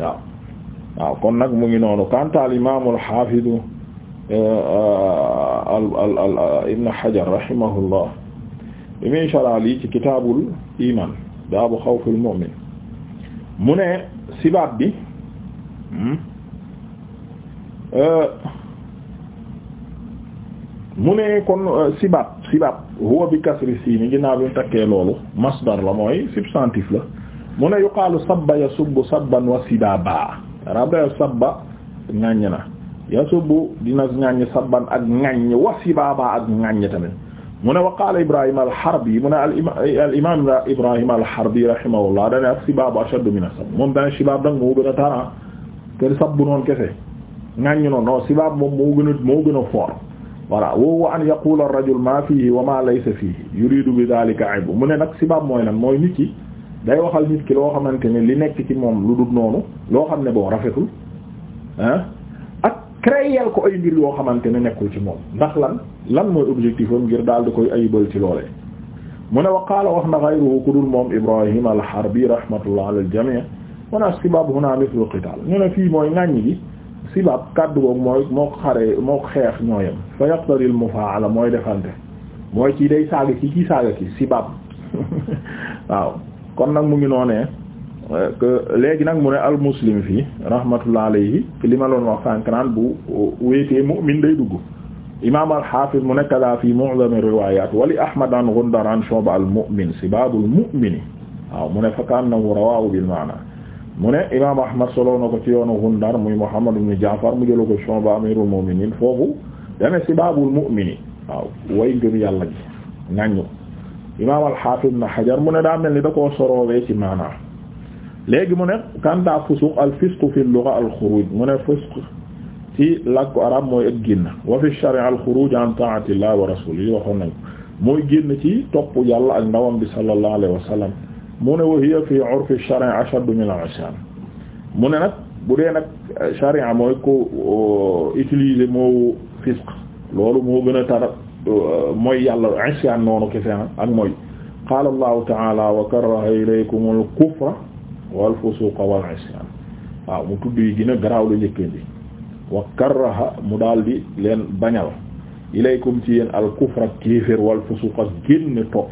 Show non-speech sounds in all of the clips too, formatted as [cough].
waaw kon nag mu ngi noonu kanta euh, al imam al hafid ibn hajar rahimahullah bi muy saraal yi ci kitaabul iman baabu xawfil mu'min mu ne sibaab bi hmm, euh, mu ne kon sibaab euh, sibaab huwa bi kasri siin ginnaaw bi mu takkee loolu masdar la mooy substantif la mu ne yuqaalu sabba yasubbu sabban wa sidaaba rabda sabba ŋàññ na yasubbu dina ŋàññ sabban ak ŋàññ wa sidaaba ak ŋàññ tamit mu ne wa qaala Ibrahima al-Harbi mu ne al imaam Ibrahima al-Harbi rahimahullah dane ak sibaabu ashaddu min as-sabb moom dane sibaab dang a tara te sabbu noonu kese ŋàññ noonu non sibaab moom moo gën a moo gën a fort voilà wa an yaqula ar-rajul ma fihi wa ma laysa fihi yuridu bi dhalika aybu mu mooy lan day waxal nit ki loo xamante ni li nekk ci moom lu dul noonu loo xam ne boo rafetul ah ak créer ko ay mbir yoo xamante ne nekkul ci moom ndax lan lan mooy objectif am ngir daal di koy ayibal ci loolee mu ne waqaala wax na xayruhu ku dul moom ibrahim alharbi rahmatullah ala aljami mu ne as-sibaab huna mithlu qital ñu ne fii mooy ŋàññ gi sibaab kàddu googu mooy moo xare moo xeex ñooyam fa yaqtari al mufaala mooy defante mooy ci day saaga ki kii saaga ki sibaab [laughs] kon nag mu ngi noonee euh, que léegi nag mu ne al muslim fii rahmatullah alayhi li ma loon sànq naan bu euh, wéetee mu'min day dugg imaam al mu ne kadaa fi mu'zam riwayat wali ahmad an Ghundar an Shu'ba al mu'min sibaabul mu'mini waaw mu ne fa kaannahu rawaahu bil maana mu ne imaam ahmad soloo na ko ci yoonu Ghundar muy Muhammad ibn Ja'far mu jëla ko Shu'ba amirul mu'minin foofu dane sibaabul mu'mini waaw way ngëm yàlla gi nañu imaam al-Hafiz na Hajar mu ne daa mel ni da koo soroowee ci léegi mu ne kanta fusuq al-fisq fi al-lugha al-khuruj mu ne fisq ci làkku arab mooy ak wa fi al-khuruj an ta'atillah wa rasulihi waxoon nañ mooy génn ci topp yàlla ak ndawam bi sallallahu alayhi wa sallam mu ne wa hiya fi 'urfi ash-shar'i ashaddu mu ne nag bu dee nag sharia mooy ko euh, utiliser moo fisq loolu moo gën a tar mooy yàlla isyan noonu kese na ak mooy qaala allahu taala wa karaha ilaykum al kufra wal fusuqa wal isyan waaw mu tudd yi gën a garaaw la njëkkan bi wa karaha mu daal di leen bañal ilaykum ci yéen al kufra kéefér wal fusuqa génn topp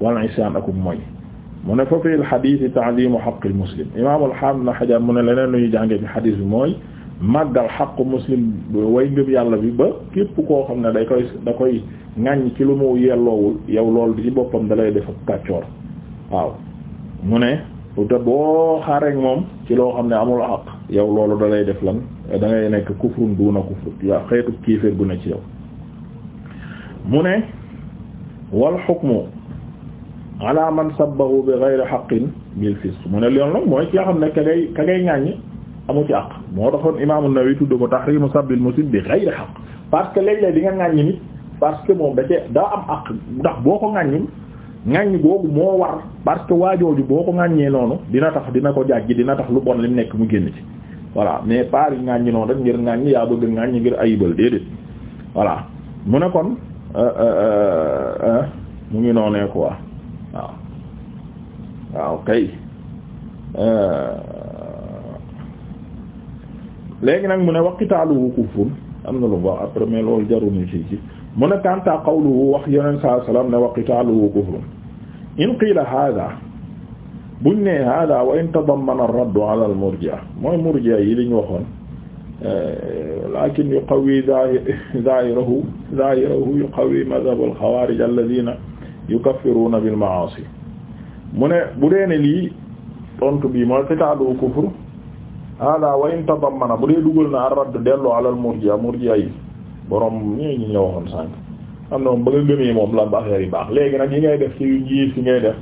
wal isyan akum mooy mu ne fa fi al hadith ta'zimu haqqil muslim imaam al hamd na xajar mu ne leneen lu ñu jàngee ci hadith bi mooy màggal xaqu muslim way ngëm yàlla bi ba képp koo xam ne day koy da koy ŋàññ ci lu mu yelloowul yow loolu ci boppam dalay lay def ak kàccoor waaw mu ne te boo xaareek moom ci loo xam ne amul xaq yow loolu da def lan da ngay nekk kufrun duuna kufru yaa xeetu kiiféer gu ne ci yow mu ne wal xukmu ala man sabbahu bi ghayri haqqin bil fisq mu ne loolu nag mooy ki nga xam ne ka ngay ka amu ci àq moo taxoon Imaam An-Nawawi tudd ko tahriimu sabbil musib bi ghayri haqq parce que léeg-léeg di nga ŋàññi nit parce que moom da cee daa am àq ndax boo ko ŋàññi ŋàññi googu moo war parce que waajooju boo ko ŋàññee noonu dina tax dina ko jàjji dina tax lu bon li mu nekk mu génn ci voilà mais par yi ŋàññi noonu rek ngir ŋàññi yaa bëgg ŋàññi ngir ayibal déedéet voilà mu ne kon euh, euh, euh, mu ngi noonee quoi waaw waaw kay léegi nag mu ne wa qitaaluhu kufrun am na lu baax après mais loolu jarul ñu ci ci salaam ne wa qitaaluhu kufrun in qiila haadaa buñ ne haadaa in tadammana ar-raddu al-murji'a mooy murji'a yi li ñu waxoon euh, lakin yuqawwi zaahirahu zaahirahu yuqawwi madhhab al-khawaarij alladhiina yukaffiruuna bil-ma'aasi mu ne bu dee ne lii tontu bii mooy qitaaluhu kufrun ala wa in tadammana bu dee dugal na ar-radd delloo alal murji'a murji'a yi borom ñii ñu ñëwoon sànq am na moom ba nga gëmee moom la affaire yi baax léegi nag yi ngay def ci njiit yi ngay def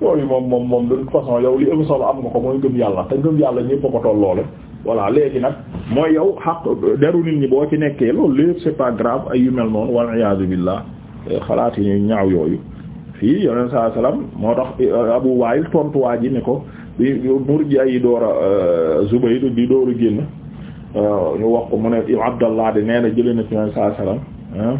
yooyu moom moom moom de toute façon yow li ëpp solo am nga ko mooy gëm yàlla te gëm yàlla ñëpp a ko tolloole voilà léegi nag mooy yow xaq deru nit ñi boo ci nekkee loolu lépp c'est pas ay yu mel noonu wal iyaazu billah xalaat yi ñaaw yooyu fii yoneen saa salaam moo tax Abu Waayil tontuwaay ji ne ko bi Murji'a yi door a euh, Zubayr di door a génn euh, ñu wax ko mu ne Abdallah di nee na jëlee na ci Yonent sallallahu alayhi wasallam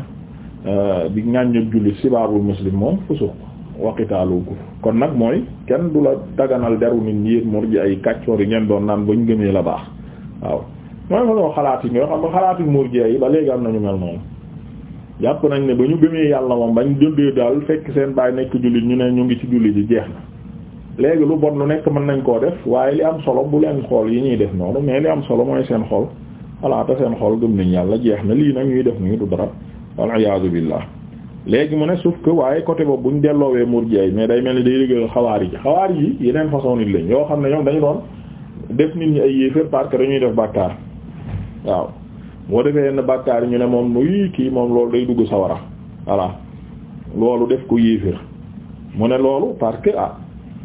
bi euh, ñàññob julli sibaabul muslim moom fusuq wa qitaalu kufr kon nag mooy kenn du la daganal deru nit ñi yéen Murji'a yi kàccoor yi ngeen doon naan bañ gëmee la baax waaw mooy ma noo xalaat yi nga xam nga xalaati Murji'a yi ba léegi am nañu mel noonu jàpp nañ ne ba ñu gëmee yàlla moom bañ jëndee daal fekk seen bàyyi nekk jullit ñu ne ñu ngi ci julli ji jeex léegi lu bon lu nekk mën nañ koo def waaye li am solo bu leen xool yi ñuy def noonu mais li am solo mooy seen xol voilà te seen xol gëm nañ yàlla jeex na lii nag ñuy def nii du dara wal iyaadu billah léegi mu ne sauf waaye côté boobu buñ delloowee murjiya mais day mel ni day xawaar yi xawaar yi yeneen façon nit lañ xam ne ñoom dañu doon def nit ñi ay yéefér parce que def bàkkaar waaw moo defee yenn bàkkaar yi ñu ne moom muy kii moom loolu day dugg sawara voilà loolu def ko yéefér mu ne loolu parce ah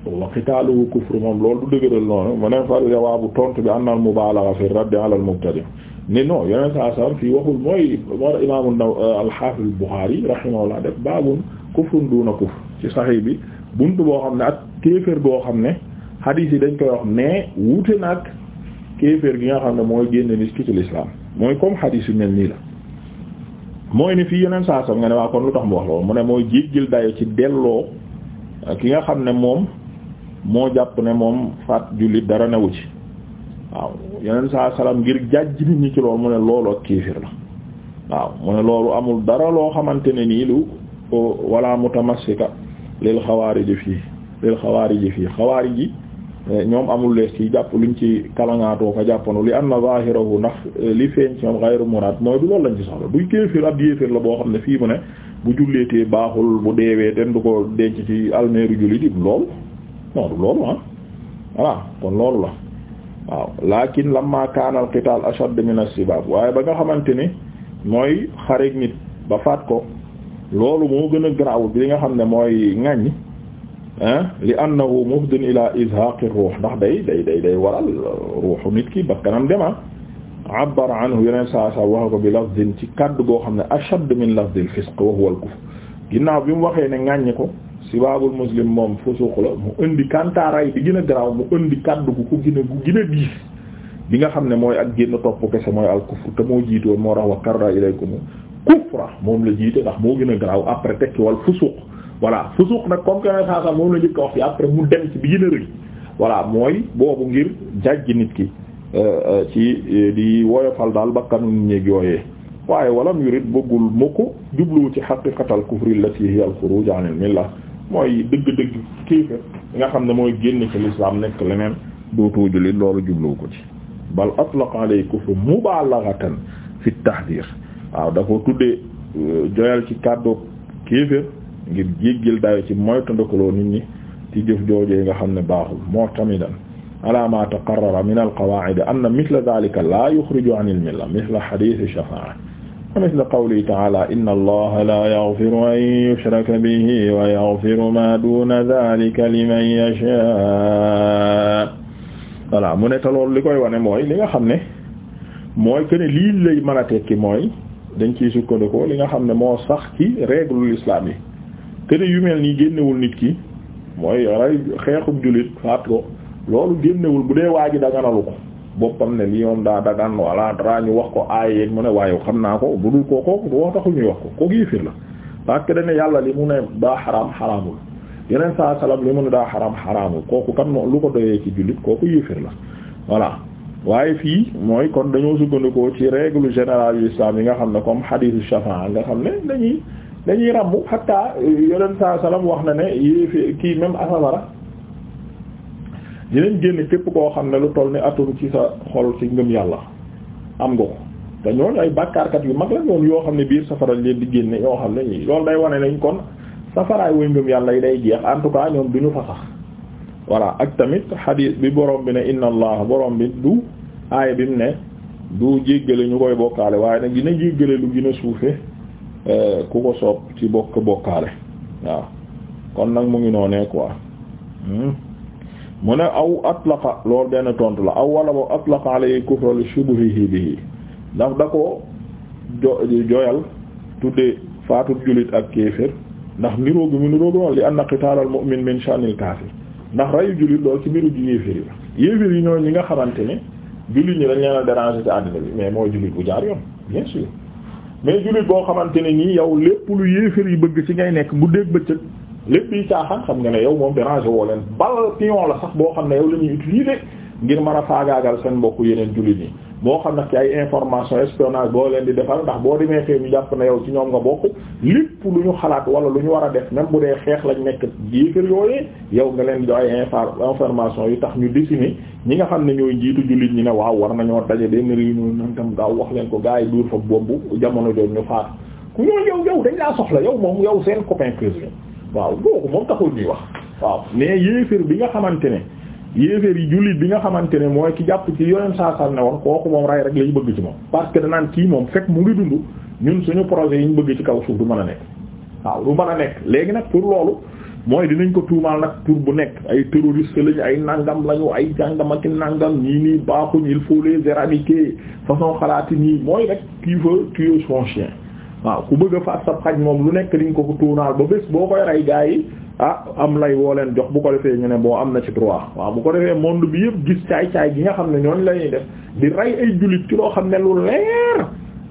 wa qitaaluhu kufru moom loolu du dëgëral noonu mu ne far jawaabu tontu bi anna al mubaalaga fi raddi ala al mubtadi ni non yeneen saa salam fii waxul mooy war imaamu naw euh, al-Haafiz al-Buxaari rahimahullah def baabun kufrun duuna kufr ci saxiix bi buntu boo xam ne ak kéefër goo xam ne xadiis yi dañ koy wax mais wuute nag kéefër gi nga xam ne mooy génne nit ki ci lislaam mooy comme xadiis yu mel nii la mooy ni fii yeneen saa salam nga ne waa kon lu tax mu wax loolu mu ne mooy ci delloo ki nga xam ne moom moo jàpp ne moom faat jullit dara newu ci waaw yeneen saa salaam ngir jàjj nit ñi ci loolu mu ne loolu ak kéefir la waaw mu ne loolu amul dara loo xamante ne nii lu wala mutamassika lil ji fii lil xawaariji fii xawaariji eh, ñoom amul lees ci jàpp luñ ci kalangaatoo ko jàppanu li anna zahirahu ndax eh, li feeñ ci moom ghayru murad mooy du loolu lañ ci soxla du kéefir ab yéefir la boo xam ne fii mu ne bu julleetee baaxul bu deewee ten du ko denc ci almeeru jullit lool non loolu ah voilà kon loolu la waaw lakin lamma kaana al qital ashad min as waaye ba nga xamante ni mooy xareeg nit ba faat ko loolu moo gën a garaaw bi li nga xam ne mooy ŋàññ ah, li annahu mufdin ila izhaq ar-ruh ndax day day day day waral ruuxu nit ki bakkanam dema ah. abbar anhu yeneen saa saa waxe ko bi lafdin ci kaddu goo xam ne ashad min lafdil fisq wa huwa al-kufr ginnaaw bi mu waxee ne ŋàññ ko si baabul muslim moom fusuq la mu indi kantaaraay bi gën a garaaw mu indi kaddu gu ku gën a gu gën a diis nga xam ne mooy ak génn topp kese mooy al te moo jiitoon moo tax wa ko ilaykum kufra moom la jiite ndax moo gën a garaaw après tekki wal fusuq voilà fusuq nag comme que ne moom la njëkk a wax fi après mu dem ci bi gën a rëy voilà mooy boobu ngir jàjj nit ki euh, euh, ci euh, di woyofal daal bakkanu nit ñeeg yooyee waaye walam yurid bëggul mukk jubluwu ci haqiqatal kufri allati hiya al khuruj anil millah mooy dëgg-dëgg kéefër nga xam ne mooy génn ci lislaam nekk leneen dootoo jullit loolu jubluwu ko ci bal atlaq alay kufr mubaalaghatan fi tahdir waaw da ko tuddee euh, joyal ci kàddu kéefër ngir jéggil dayo ci moyta moytandikuloo nit ñi ci jëf joojee nga xam ne baaxul mu'tamidan ala ma taqarrara min al qawaa'id anna mithla dhalika la yukhriju 'an al milla mithla hadith ash misla qawlihi ta'ala inna allaha la yaghfiru an yushraka bihi wa ma duna dhalika voilà mu ne te li koy wane mooy li nga xam ne mooy que ne lii lay mën a mooy dañ ciy sukkandikoo li nga xam ne moo sax ci règle l'islam yi que yu mel nii génnewul nit ki mooy rey xeexub jullit faat ko loolu génnewul bu dee waa ji daganalu ko boppam ne lii moom daa dagan wala dara ñu wax ko aaye yeeg mu ne waaye xam naa ko bu dul ko kooku wax taxul ñuy wax ko kooku yéefir la parce que yàlla li mu ne daa xaraam xaraamul yeneen saa salaam li mu ne daa xaraam xaraamul kooku kan lu ko doyee ci jullit kooku yéefir la voilà waaye fii mooy kon dañoo sukkandikoo ci règle général yi islam yi nga xam ne comme hadithu shafaa nga xam ne dañuy dañuy ràmbu hatta yeneen saa salaam wax na ne yéefir kii même dinañ génn képp koo xam ne lu toll ni atum ci sa xol ci ngëm yàlla am nga ko te ñooñu ay bàkkaarkat yu mag la ñoon yoo xam ne biir safara leen di génne yoo xam ne ñi loolu day wane nañ kon safaraay way ngëm yàlla yi day jeex en tout cas ñoom du ñu fa sax voilà ak tamit xadiis bi borom bi ne inna allah borom bi du aaya bi mu ne du jéggale ñu koy bokkaale waaye nag dina jéggale lu gën a suufe euh, ku ko soob ci bokk bokkaale waaw kon nag mu ngi noonee quoi hmm? mu ne aw atlaqa loolu benn tontu la aw wala bo atlaqa alayhi kufra li shubuhihi bihi ndax da ko jo joyal tudde faatu jullit ak kéefër ndax niroo gi mu niroo gi lool na anna qitaalal mu'min min sha'nil kaafir ndax rayu jullit lool ci mbiru ji yéefér yi la yéefér yi ñooy ñi nga xamante ne jullit ñi dañ leen a déranger ci àddina bi mais mooy jullit bu jaar yoon bien sûr mais jullit boo xamante ne nii yow lépp lu yéefér yi bëgg ci ngay nekk bu dégg lépp yi caaxaan xam nga ne yow moom déranger woo leen bal pion la sax boo xam ne yow la ñuy utiliser ngir mën a faagaagal seen mbokk yeneen julit yi moo xam nag ci ay information espionnage boo leen di defal ndax demee fee ñu jàpp ne yow ci ñoom nga bokk lépp ñu xalaat wala lu ñu war a def même bu dee xeex lañ nekk jiifir yooyee yow nga leen di jox ay information yu tax ñu dessiner ñi nga xam ne ñooy njiitu jullit ñi ne waaw war nañoo daje benn réunion nan tam gaaw wax leen ko gaa yi duur fa bombu jamono jooju ñu faat ku ñoo yow yow dañ laa soxla yow moom yow seen copain prisonnier waaw boobu moom taxul ñuy wax waaw mais yéeféer bi nga xamante ne yéeféer yi jullit bi nga xamante ne mooy ki jàpp ci yoneen saasam ne woon kooku moom rey rek lañu bëgg ci moom parce que danan kii moom fekk mu ngi dund ñun suñu projet yi ñu bëgg ci kaw suuf du mën a nekk waaw du mën a nekk léegi nag pour loolu mooy dinañ ko tuumaal nag tur bu nekk ay terroriste lañu ay nangam lañu ay jàngam ak nangam ñii nii baaxuñ il faut les éradiquer façon xalaati nii mooy rek qui veut tuer waaw ku bëgg a faat sab xaj moom lu nekk liñ ko ko tuunaal ba bés boo koy rey gaa yi ah am lay woo leen jox bu ko defee ñu ne boo am na ci droit waaw bu ko defee monde bi yëpp gis caay-caay gi nga xam ne ñooñu la ñuy def di rey ay jullit ci loo xam ne lu leer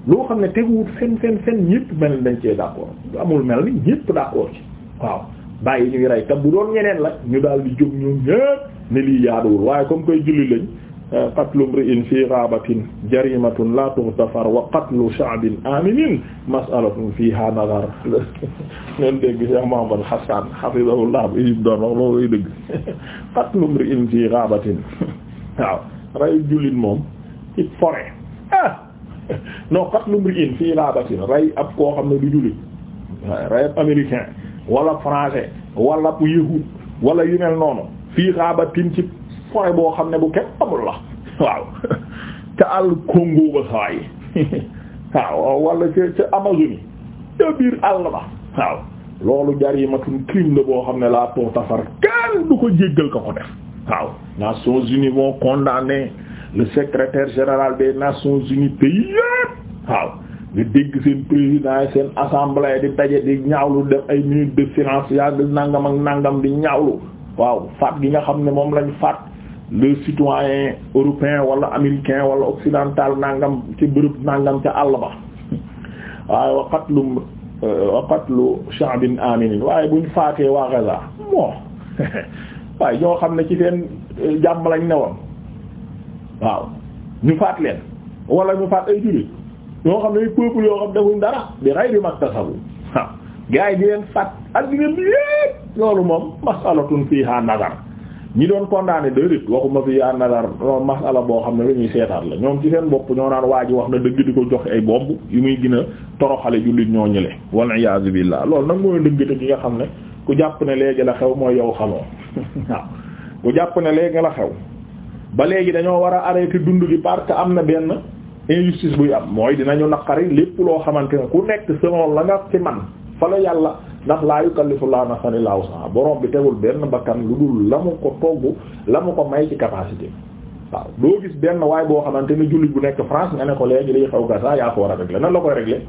loo xam ne teguwut seen seen seen ñëpp mel dañ cee d'accord amul mel ni ñëpp d'accord ci waaw bàyyi ñuy rey te bu doon ñeneen la ñu daal di jóg ñoom ñëpp ne lii jaaduwul waaye comme koy julli lañ Euh, qatlu mri'in fi ghabatin jarimatun la tughfar wa qatlu sha'bin aminin mas'alatun fiha nazar [laughs] ngeen dégg Cheikh Mouhamadou Hassan hafizahullah bu Égypte doon wax loolu dëgg [laughs] qatlu mri'in fi ghabatin [laughs] waaw rey jullit moom ci forêt ah non qatlu mri'in fi ghabatin rey ab koo xam ne du jullit rey ab américain wala français wala yahud wala yu noonu fi ghabatin ci forêt boo xam ne bu kenn amul la waaw ca àll Congo ba saa yi waaw wala ca ca ca biir àll ba waaw loolu jarimatum crime la boo xam ne laa too tafar kenn du ko jéggal ko ko def waaw Nations Unies vont condamner le secrétaire général de Nations Unies pays yépp waaw nga dégg seen président yi seen assemblée di daje di ñaawlu def ay minutes de silence yaa ngi nangam ak nangam di ñaawlu waaw faat gi nga xam ne moom lañ faat le citoyen européen wala américain wala occidental nangam ci bërëb nangam ca àll ba waaye wa qatlu euh, wa qatlu sha'bin aminin waaye buñ faatee waa Gaza bon [laughs] waaye ñoo xam ne ci seen euh, jàmm lañ ne woon waaw ñu faat leen wala ñu faat ay jullit ñoo xam ne ay peuple yoo xam defuñ dara bi ghayri maktasabu waaw gars yi di leen faat ak di leen yépp loolu moom masalatun fiha nazar ñi doon condamné déedéet waxuma fi yaa nadar masala boo xam ne lu ñuy seetaat la ñoom ci seen bopp ñoo naan waa ji wax na dëgg di ko joxe ay bomb yu muy gën a toroxale jullit ñoo ñële wal iyaazu billah loolu nag mooy dëggate gi nga xam ne ku jàpp ne léegi la xew mooy yow xamoo [laughs] waaw ku jàpp ne léegi la xew ba léegi dañoo war a arrêté dund gi parce que am na benn injustice buy am mooy dinañu naqari lépp loo xamante ne ku nekk selon la nga ci man fa yàlla ndax laa yukallifu laa nafsan illaa wus'ahaa borom bi tegul benn bakkan lu dul la mu ko togg la mu ko may ci capacité waaw doo gis benn waay boo xamante ne jullit bu nekk France nga ne ko léegi liy xew Gaza yaa ko war a régler nan la koy régler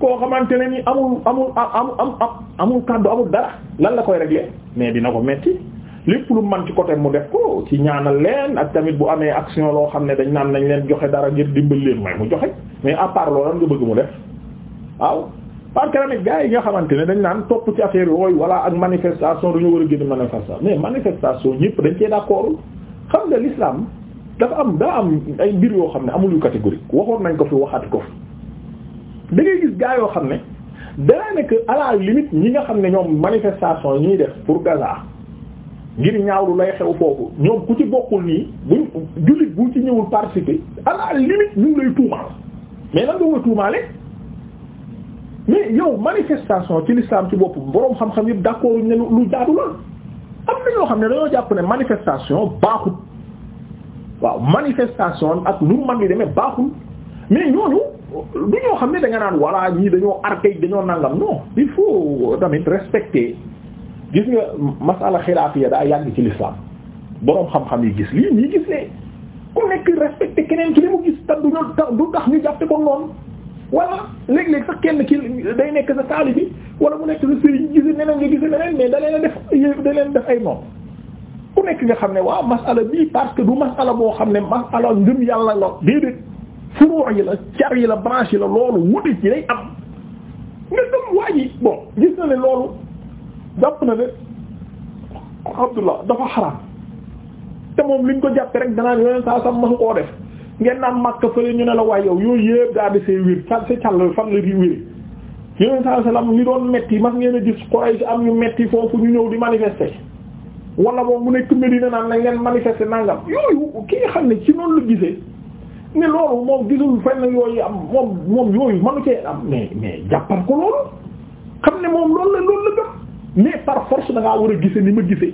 koo xamante ne nii amul amul amul amul kàddu amul dara lan la koy régler mais dina ko metti lépp lu man ci côté mu def ko ci ñaanal leen ak tamit bu amee action loo xam ne dañ naan nañ leen joxe dara ngir dimbal leen may mu joxe mais à part loolu lan nga mu def parce que tamit yi nga xamante ne dañ naan topp ci affaire yooyu wala ak manifestation dañoo war a génn manifestation mais manifestation ñëpp dañ cee d'accord xam nga l'islam dafa am daa am ay mbir yoo xam ne amul yu catégorique waxoon nañ ko fi waxaat ko fi da gis gaa yoo xam ne danaa nekk à la limite ñi nga xam ne ñoom manifestation yi ñuy def pour Gaza ngir ñaawlu lay xew foofu ñoom ku ci bokkul nii buñ jullit bu ci ñëwul participer à la limite ñu ngi lay tuumaal mais a tuumaale mais yow manifestation ci l'islam ci bopp boroom xam-xam yëpp d'accord ne lu jaadu la am na xam ne dañoo jàpp ne manifestation baaxul waaw manifestation ak lu man di demee baaxul mais ñooñu du ñoo xam ne danga nga naan walla ñii dañoo archaïque dañoo nangam non il faut tamit respecter gis nga masala xilaafiya daa yàgg ci l'islam boroom xam-xam yi gis lii ñii gis ne ku nekk respecter keneen ci li mu gis te du ñu du tax ñu jàppe ko noonu wala léeg-léeg sax kenn kii day nekk sa taali bi wala mu nekk sa sëriñ gisi neneen nga gisi neneen mais da leen def da leen def ay noonu ku nekk nga xam ne waaw masala bi parce que du masala boo xam ne masala ngëm yàlla la déedéet furoo yi la car yi la branche yi la loolu wute ci day am nga gëm waa gis na ne loolu jàpp na ne Abdullah dafa xaraam te moom liñ ko jàppe rek danaan yoneen saa sam masu koo def ngeen naan Makka fële ñu ne la waay yow yooyu yëpp daa desee wér ca si càll fan la di wér yoneen saa sallam doon metti mas ngeen a gis Quraysh am ñu metti foofu ñu ñëw di manifester wala boobu mu nekk Medina naan nañ leen manifester nangam yooyu ki nga xam ne ci noonu la gisee ne loolu moom gisul fenn yooyu am moom moom yooyu manu cee am mais mais jàppal ko loolu xam ne moom loolu la loolu la gëm mais par force da ngaa war a gise ni ma gise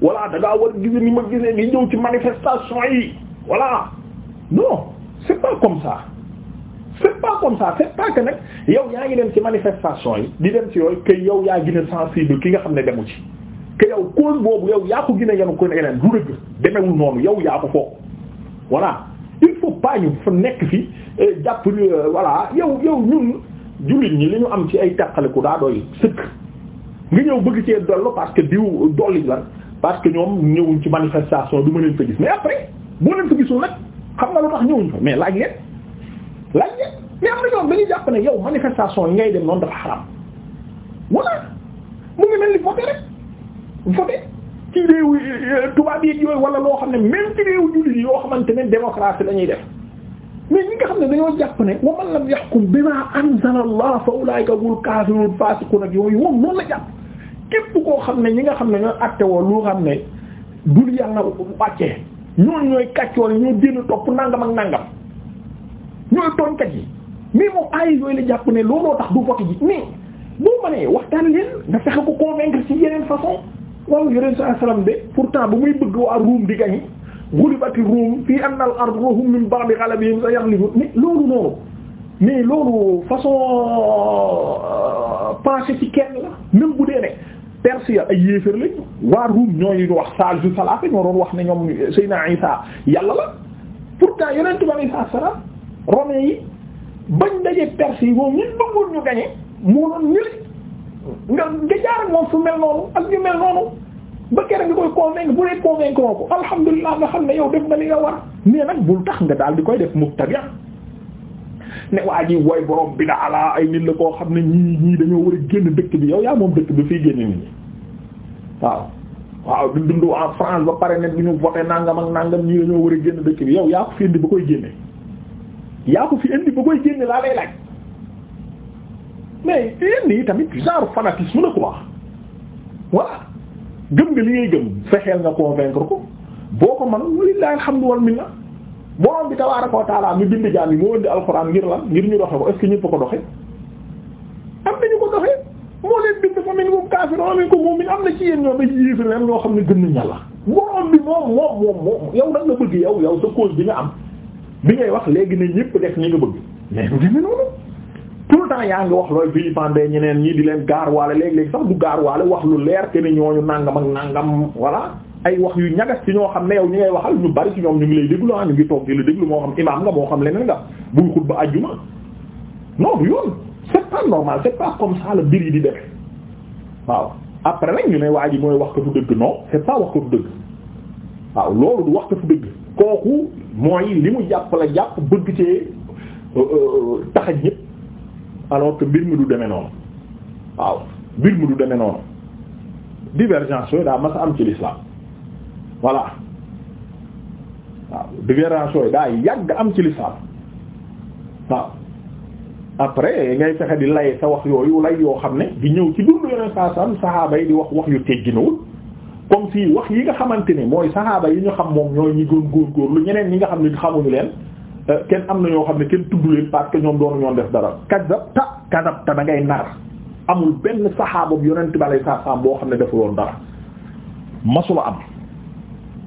voilà da ngaa war a gise ni ma gisee ngi ñëw ci manifestation yi voilà non c'est pas comme sa c'est pas comme ça c'est pas que nag yow yaa ngi dem ci manifestation yi di dem si yooyu que yow yaa gën a sensible ki nga xam ne demu ci que yow cause boobu yow yaa ko gën a yenu ko yeneen du dëgg demewul noonu yow yaa ko foog voilà il faut pas ñu fa nekk fi eh, jàpp euh, voilà yow yow ñun jullit ñi li ñu am ci ay tàqaleku daa doy sëkk nga ñëw bëgg cee dollu parce que diw dolli la parce que ñoom ñëwuñ ci manifestation du ma leen fa gis xam nga lu tax ñëwuñ fa mais laaj leen laaj leen mais am na ñoom dañuy jàpp ne yow manifestation yi ngay dem noonu dafa xaram wala mu ngi mel ni voté rek voté ci réewu euh, tubaab yi yooyu wala loo xam ne même ci réewu jullit yoo xamante ne démocratie la ñuy def mais ñi nga xam ne dañoo jàpp ne wa man lam yahkum bima anzala Allah fa ulaika hul kafirun fasiqun ak yooyu moom noonu la jàpp képp koo xam ne ñi nga xam ne ñoo àtte woo lu xam ne dul yàlla wàccee ñooñu ñooy kàccoor yi ñoo génn topp nangam ak nangam ñooy tooñkat yi mais moom ay yooyu la jàpp ne looloo tax du vote ji mais boo ma waxtaan leen nga fexe ko convaincre ci yeneen façon waaw yeneen sa salaam de pourtant bu muy bëgg waa Ruum di gañi gulibati Ruum fii anna al-ard wa hum min ba'di ghalabihim sayaghlibu mais loolu noonu mais loolu façon euh, pensée ci kenn la même bu dee ne Persia ay yéefar lañ waa Ruum ñooy wax Saljou Salafé ñoo doon wax ne ñoom Seyna Isa yàlla la pourtant Yonent bi alayhi salaatu salaam romain yi bañ dajee Perse yi moom ñun bëggoon ñu gañe moo doon ñu nga nga jaar moom fu mel noonu ak ñu mel noonu ba keroog nga koy convaincre bu dee convaincre ko alhamdulilah nga xam ne yow def nga li nga war mais nag bul tax nga daal di koy def mukk ne waa ji way borom bi daa la ay nit la koo xam ne ñii ñii dañoo war a génn dëkk bi yow yaa moom dëkk bi fii génn nit ñi waaw waaw du dund en France ba pare ne du ñu voté nangam ak nangam ñii dañoo war a génn dëkk bi yow yaa ko fi indi ba koy génne yaa ko fi indi ba koy génne laa lay laaj mais yenn yi tamit genre fanatisme la quoi voilà gëm nga li ngay gëm fexeel nga convaincre ko boo ko mën wallaahi alhamdu wal minna boo am bi tabaaraka wa taala mi bind jaam yi moo indi alxuraan ngir lan ngir ñu doxe ko est-ce que ñëpp ko doxe am nañu ko doxe moo leen bind fa minhum kaafirun wa minhum am na ci yéen ñoo ba yéefir leen xam ne gëm nañ Yàlla borom bi moom moom moom yow nag nga bëgg yow yow sa bi nga am bi ngay wax léegi ne ñëpp def ñi nga bëgg mais du demee le temps yaa ngi wax looy vilipender ñeneen ñii di leen gaar waale léegi-léegi sax du gaar waale wax lu leer te ni ñooñu nàngam ak nàngam wala ay wax yu ñagas ci ñoo xam ne yow ñi ngay waxal ñu bari ci ñoom ñu ngi lay déglu xam ah, ñu ngi toog di la déglu moo xam imaam nga moo xam leneen nga buy xutba ajjuma non du yoon c'est pas normal c'est pas comme ça mbir yi di demee waaw après nag ñu ne waa ji mooy wax ko fu dëgg non c'est pas wax ko fu dëgg waaw loolu du wax ko fu dëgg kooku mooy li mu jàpp la jàpp bëgg cee euh, euh, taxaj ñépp alors que mbir mi du demee noonu waaw mbir mi du demee voilà waaw divergence yi daa yàgg am ci lislaam waaw après ngay fexe di lay sa wax yooyu lay yoo xam ne di ñëw ci dundu yeneen saa saxaaba yi di wax wax yu tegginawul comme si wax yi nga xamante ni mooy saxaaba yi ñu xam moom ñooy ñi gën góorgóorlu ñeneen ñi nga xam ne xamuñu leen euh, kenn am na ñoo xam ne kenn tudd leen parce ñoom doonu ñoon def dara kazabta kazabta da ngay nar amul benn saxaaba bu yonent bi alayhi boo xam ne defuloon dara masula am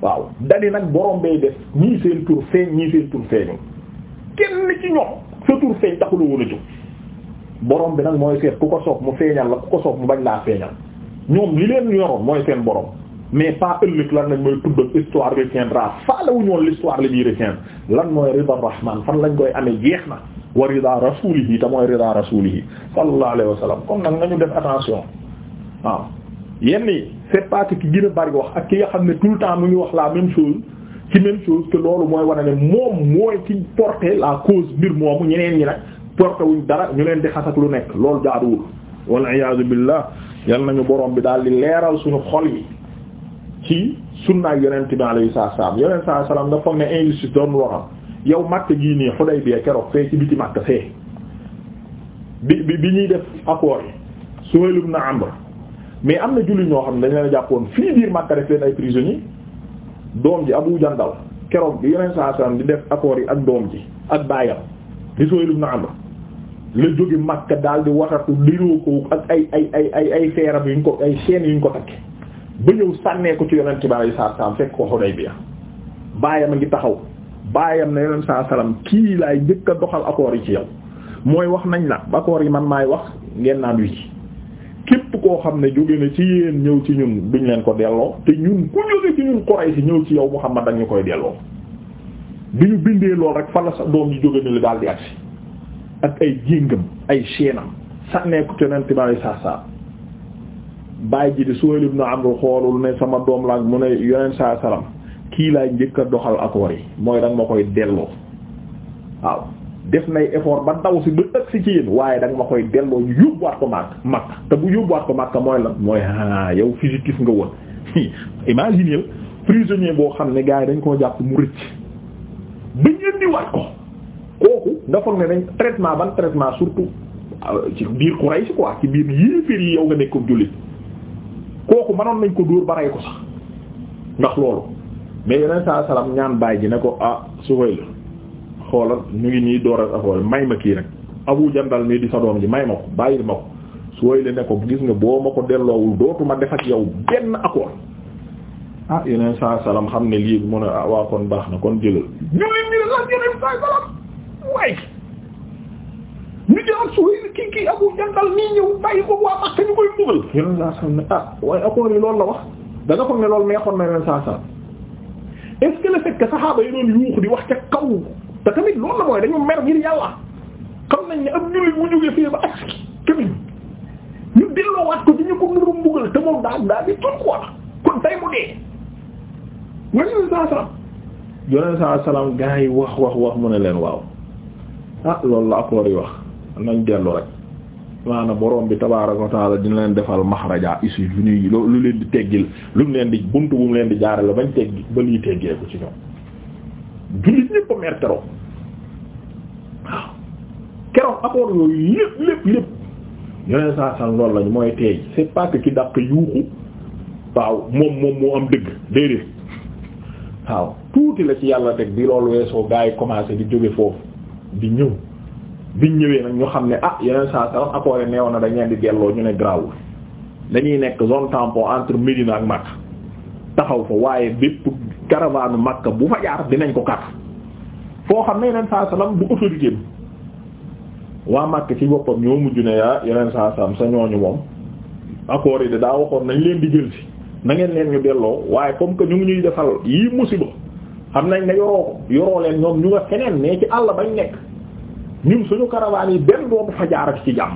waaw dani nag borom bay def ñii seen tur feeñ ñii seen tur feeñul kenn ci ñoom sa tur feeñ taxula woon a borom bi nag mooy seet ku ko soob mu feeñal la ku ko soob mu bañ laa feeñal ñoom li leen yoroon mooy seen borom mais pas ëllëg lan lañ mooy tudd ak histoire retiendra faalewuñu woon l'histoire li ñuy retiendre lan mooy rida rahman fan lañ koy amee jeex na wa rida rasulihi te mooy rida rasulihi sallallahu alayhi wa sallam kon nag nañu def attention waaw yenn yi c'est pas ki gën a ak ki nga xam ne tout le temps mu ngi wax la même chose ci même chose que loolu mooy wane ne moom mooy ci porter la cause mbir moomu ñeneen ñi nag porter wuñ dara ñu leen di xas ak lu nekk loolu jaaduwul. wal iyaazu billah yal nañu boroom bi daal di leeral suñu xol yi ci sunnaay yonent bi alayhi salaam yonent saa salaam nga foog ne injustice doon waxam yow Makka gii nii Hudaybiya keroog fee ci biti Makka fee bi bi bi ñuy def accord yi Suhayl mais am na jullit ñoo xam ne dañ la a jàppoon fii biir Makka def leen ay prisonniers doom ji Abu Jandal keroog bi yeneen saa salaam di def accords yi ak doom ji ak baayam di soo lum na am la jóge Makka daal di watatu diroo ko ak ay ay ay ay ay feeram yuñ ko ay chaînes yuñ ko takk ba ñëw sànnee ko ci yonent bi alayhi salaatu salaam fekk ko Hudaybiya baayam a ngi taxaw baayam na yonent saa salaam kii laay njëkk a doxal accords yi ci yow mooy wax nañ la accords yi man maay wax ngeen naan wi képp koo xam ne jóge na ci yéen ñëw ci ñun duñ leen ko delloo te ñun ku jóge ci ñun Quraysh ñëw ci yow Muhammad dañu koy delloo bi ñu bindee lool rek fa la sa doom jóge ni li daal di agsi ak ay jéngam ay cheenam sànneeku ci yonent bi alei saa bàyyi ji di Suhayl ibn Amr xoolul ne sama doom laa mu ne yonent saa salam kii laay njëkk a doxal accord yi mooy danga ma koy delloo waaw def nay effort ba daw si ba ëgg si ci yéen waaye da nga ma koy delloo ñu yóbbuwaat ko màkk màkk te bu yóbbuwaat ko màkk mooy lan mooy ah yow fugitif nga woon [laughs] imagine prisonnier boo xam ne gaa yi dañ koo jàpp mu rëcc ba ñeen di waat ko kooku nga foog ne dañ traitement ban traitement surtout euh, ci si Quraysh quoi ci biir yéeféer yi yow nga nekk jullit kooku mënoon nañ ko dóor ba rey ko sax ndax loolu mais yeneen saa salaam ñaan baay ji ne ko ah la xoolal mu ngi nii door ak affaire ma kii rek abu jandal mii di sa doom ji may ma ko bàyyil ma ko sooy le ne ko gis nga boo ma ko delloowul dootuma def ak yow benn accord ah yeneen saa salaam xam ne lii mu ne ah waa kon baax na kon jëlal ñu leen ko waa Makka ñu koy dugal yeneen saa salaam ah waaye accord yi loolu la wax da foog ne loolu meexoon na yeneen saa salaam est-ce saxaaba yi doon yuuxu di wax ca kaw te tamit loolu la mooy dañu mer ngir yàlla xam nañ ne ab jullit mu jógee fii ba aski tamit ñu delloowaat ko di ñu ko nuru mbugal te moom daal daal di tuut quoi kon tay mu dee. wala yonent saa wax wax wax mu ne leen waaw ah loolu la accord yi wax nañ dellu rek maanaam borom bi tabaaraka wa taala dina leen defal maxraja issu lu ñuy lu leen di teggi lu mu leen di buntu bu mu leen di jaarale bañ teggi ba lii teggeeku ci ñoom jullit ñépp mer teroo keroog amoon yooyu lépp lépp lépp yeneen saa san loolu lañ mooy teey c'est pas ki dàq yuuxu waaw moom moom moo am dëgg déedéet waaw tuuti la ci yàlla teg bi loolu weesoo gars yi commencé di jóge foofu di ñëw biñ ñëwee nag ñu xam ne ah yeneen saa san accord yi na dañ leen di delloo ñu ne grawul dañuy nekk zone tampon entre Médina ak Makka taxaw fa waaye bépp caravane Makka bu fa jaar dinañ ko kat foo xam ne yeneen saa salam bu autorité bi waa Màkk ci boppam ñoo mujj ne yaa yeneen saa saam sa ñooñu moom accords yi de daa waxoon nañ leen di jël si na ngeen leen ñu delloo waaye comme que ñu ngi ñuy defal yii musiba xam nañ ne yoroo ko yoroo leen ñoom ñu nga feneen ne ci àll bañ nekk ñun suñu caravane yi benn doomu fa ak ci jàmm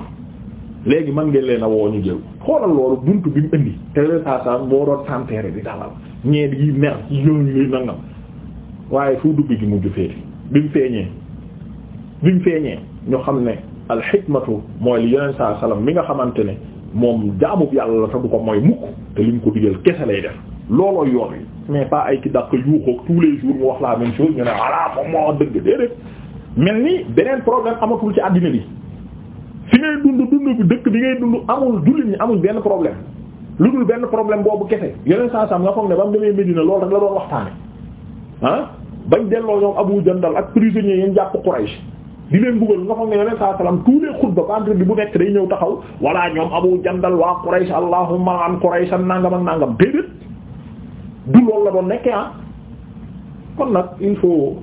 léegi man ngeen leen a woo ñu jël xoolal loolu buntu bi mu indi te yeneen saa saam moo doon santeere di dalal ñee di mer ñooñu luy nangam waaye fu dugg gi mujj féete bi mu feeñee feeñee. ñu xam ne alxikmatu mooy li yeneen saa salaam mi nga xamante ne moom jaamub yàlla la te du ko mooy mukk te li mu ko digal kese lay def looloo yoon mais pas ay ki dàq yuuxoog tous les jours mu wax la même chose ñu ne voilà moom moo dëgg déedéet mel ni beneen problème amatul ci àddina bi fi ngay dund dund bi dëkk bi ngay dund amul jullit ñi amul benn problème lu dul benn problème boobu kese yeneen saa salaam nga foog ne ba mu demee Medina loolu rek la doon waxtaane ah delloo ñoom Abu Jandal ak prisonniers yi ñu di leen buggal nga xam ne yoneen saa salaam tous les xutba entre bi bu nekk day ñëw taxaw walla ñoom abu jandal waa Quraysh allahumma an Quraysh nangam ak nangam déedéet du loolu la doon nekkee ah kon nag il faut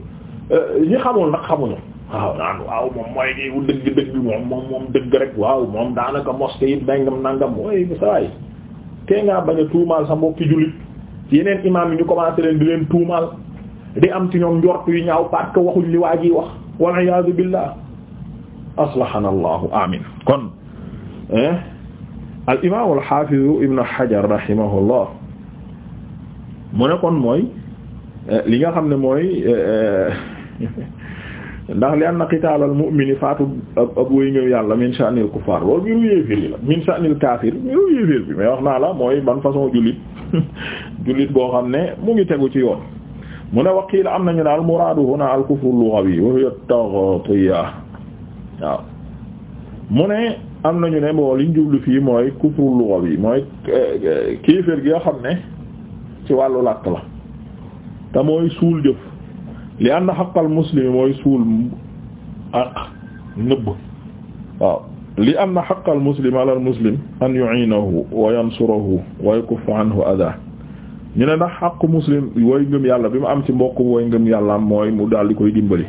euh, ñi xamul nag xamuñu waaw naan waaw moom mooy nii wu dëgg dëgg moom moom moom dëgg rek waaw moom daanaka mosquée yi nangam nangam mooy sawaay tee ngaa bañ a tuumaal sa mbokki jullit yeneen imaam yi ñu commencé leen di leen tuumaal di am ci ñoom njort yu ñaaw parce que waxuñ wax wal iyaadu billah aslahana allahu amin kon eh, al imam al hafiz ibn hajar rahimahullah mu ne kon mooy eh, li nga xam ne mooy eh, [laughs] ndax li anna qitaal al mu'mini faatu ab ab way ngëw yàlla min sha'nil kufaar loolu mbiru yéeféer yi la min sha'nil kaafir mbiru yéeféer bi mais wax naa la mooy ban façon jullit [laughs] jullit boo xam ne mu ngi tegu ci yoon mu ne waqiila am nañu ne al muraadu huna al kufru lughawi wa hiya taghtiya waaw mu ne am nañu ne boo liñ jublu fii mooy kufru lughawi mooy eh, kéefër gi nga xam ne ci wàllu làkk la te mooy suul jëf li anna haqqal muslimi mooy suul ak nëbb waaw li anna haqqal muslim ala al muslim an yu'inahu wa yansurahu wa yakuffa anhu adaa ñu ne ndax xàqu muslim woy ngëm yàlla bi mu am si mbokk woy ngëm yàlla mooy mu daal di koy dimbali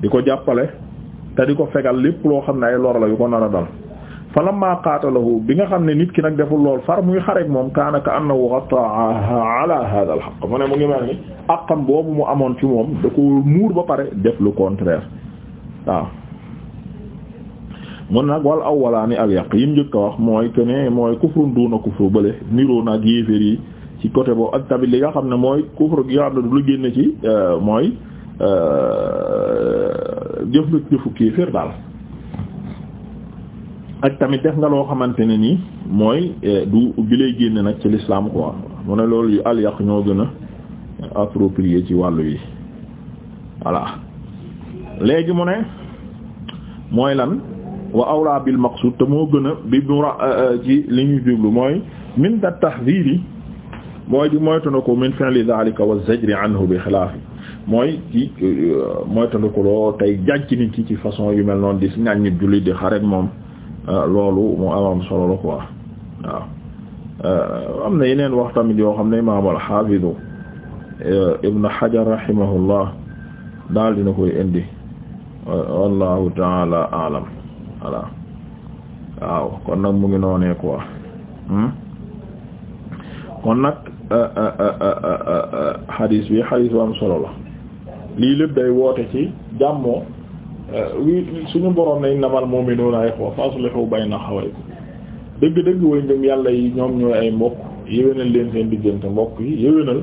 di ko jàppale te di ko fegal lépp loo xam ne ay lor la yu ko nar dal fa lamma qaatalahu bi nga xam ne nit ki nag deful lool far muy xareek moom kaana ka annahu ghataa ala hadha al haqq mu ne mu ngi mel ni àqam boobu mu amoon ci moom da ko muur ba pare def lu contraire waaw mun nag wal awwalaani al yaqin yim njëkk a wax mooy que ne mooy kufrun duuna kufru bële niroo nag yéeféer yi ci côté boobu ak tamit li nga xam ne mooy kufr gi nga xam ne du lu génn ci euh, mooy euh, jëf nga jëfu kéefër daal ak tamit def nga loo xamante ne nii mooy euh, du bi lay génn nag ci l'islam quoi mu ne loolu yu ñoo gën a approprié ci wàllu yi voilà léegi mu ne mooy lan wa awla bil maqsud te moo gën a bi mu ra ci li ñu jublu mooy min da tahdhiri mooy di moytandiku min fi'li dhalika wa zajri anhu bi xilaafi mooy ci euh, moytandiku loo tey jànc nit ki ci façon yu mel noonu di si ñaan nit jullit di xaret moom euh, loolu mu amam solo la quoi euh, am na yeneen wax tamit yoo xam ne imaam al-Haafiz Ibn Hajar rahimahullah daal dina koy indi wallahu taala alam voilà waaw kon mu ngi noonee quoi hmm? xadiis bi xadiis bu am solo la lii lépp day woote ci jàmmoo euh, wi suñu boroom ne innamal mu'minuuna ixwa fa aslihu bayna axawaykum dëgg-dëgg way ngëm yàlla yi ñoom ñooy ay mbokk yéwénal leen seen diggante mbokk yi yéwénal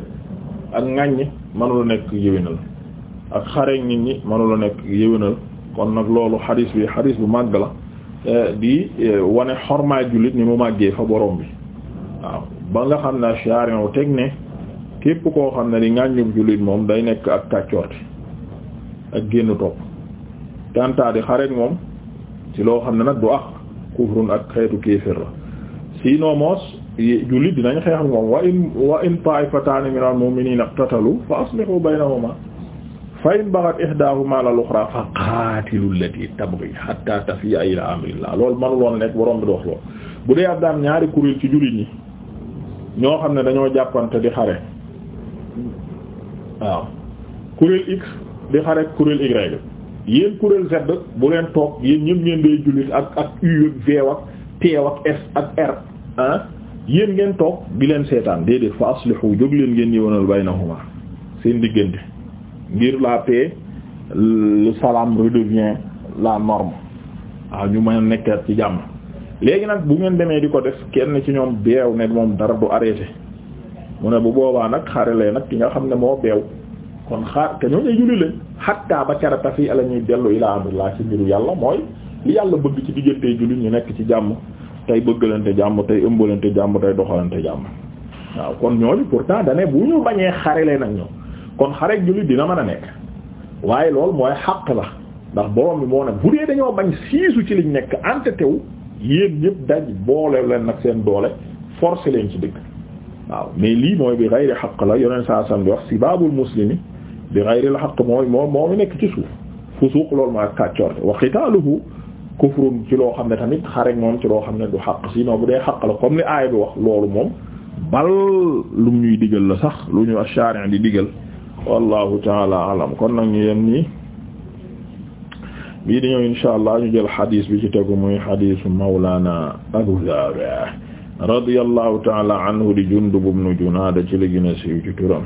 ak ŋàññ mënula nekk yéwénal ak xareeg nit ñi mënula nekk yéwénal kon nag loolu xadiis bi xadiis bu màgg la euh, di euh, wane xormaa jullit ni mu màggee fa borom bi waaw ba nga xam ne charion teg ne képp koo xam ne di ngàññub jullit moom day nekk ak kàccoorte ak génn topp kantaa di xaret moom ci loo xam ne nag du ak kufrun ak xeetu kéefér la sinon moos jullit dinañ xeex ak moom wa in wa in ta'ifatani minal mu'minina iqtatalu fa aslihu baynahuma fa ma baghat ihdahuma ala al-ukhra fa qaatilu allati tabghi hatta tafi'a ila amrillah loolu mënuloon nekk borom bi di lool bu dee ab daan ñaari kuréel ci jullit ñi ñoo xam ne dañoo jàppante di xare waaw kuréel x di xare kuréel y yéen kuréel z bu leen toog yéen ñëpp ngeen day jullit ak ak u ak v ak t ak s ak r ah yéen ngeen toog gi leen seetaan déedéet fa aslihu jóg leen ngeen yëwanal baynahuma seen diggante ngir la paix le salam redevient la norme waaw ah, ñu mën a ci jàmm léegi nag bu ngeen demee di ko def kenn ci ñoom beew ne moom dara du arrêté mu ne bu boobaa nag xaarale nag ki nga xam ne moo beew kon xaar te ñoo ñuy julli lañ xattaa ba carata fi ala ñuy dellu ila laa ci mbiru yàlla mooy li yàlla bëgg ci diggantey julli ñu nekk ci jàmm tey bëggalante jàmm tey ëmbalante jàmm tey doxalante jàmm waaw kon ñooñu pourtant dane bu ñu bañee xarale nag ñoom kon xare julli dina mën a nekk waaye loolu mooy xàq la ndax borom moo ne bu dee dañoo bañ siisu ci liñ nekk entêté yéen ñëpp daj boole leen nag seen doole force leen ci dëgg waaw mais lii mooy bi gayri xaq la yoneen sa sam bi wax si baabul muslimi bi gayri la xaq mooy moo moomi nekk ci suuf fusuuq loolu mooy ak kàccoorte wa qitaaluhu kufrun ci loo xam ne tamit xarek moom ci loo xam ne du xaq sinon bu dee xaq la comme li aaya bi wax loolu moom bal lum ñuy digal la sax lu ñu ashari di digal wallahu taala alam kon nag ñu yem nii bii di ñëw insha allah ñu jël xadis bi ci tegu muy xadisu mawlana Abu Dharr radiyallahu taala anhu di Jundub ibn Junaada ci la gën a siiw ci turam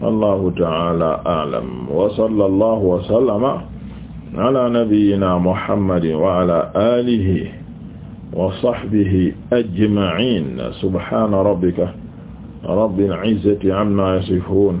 wallahu taala a'lam wa sallallahu wa sallama ala nabiyyina muhammadin wa ala alihi wa sahbihi ajma'in subhana rabbika rabbil izzati amma yasifun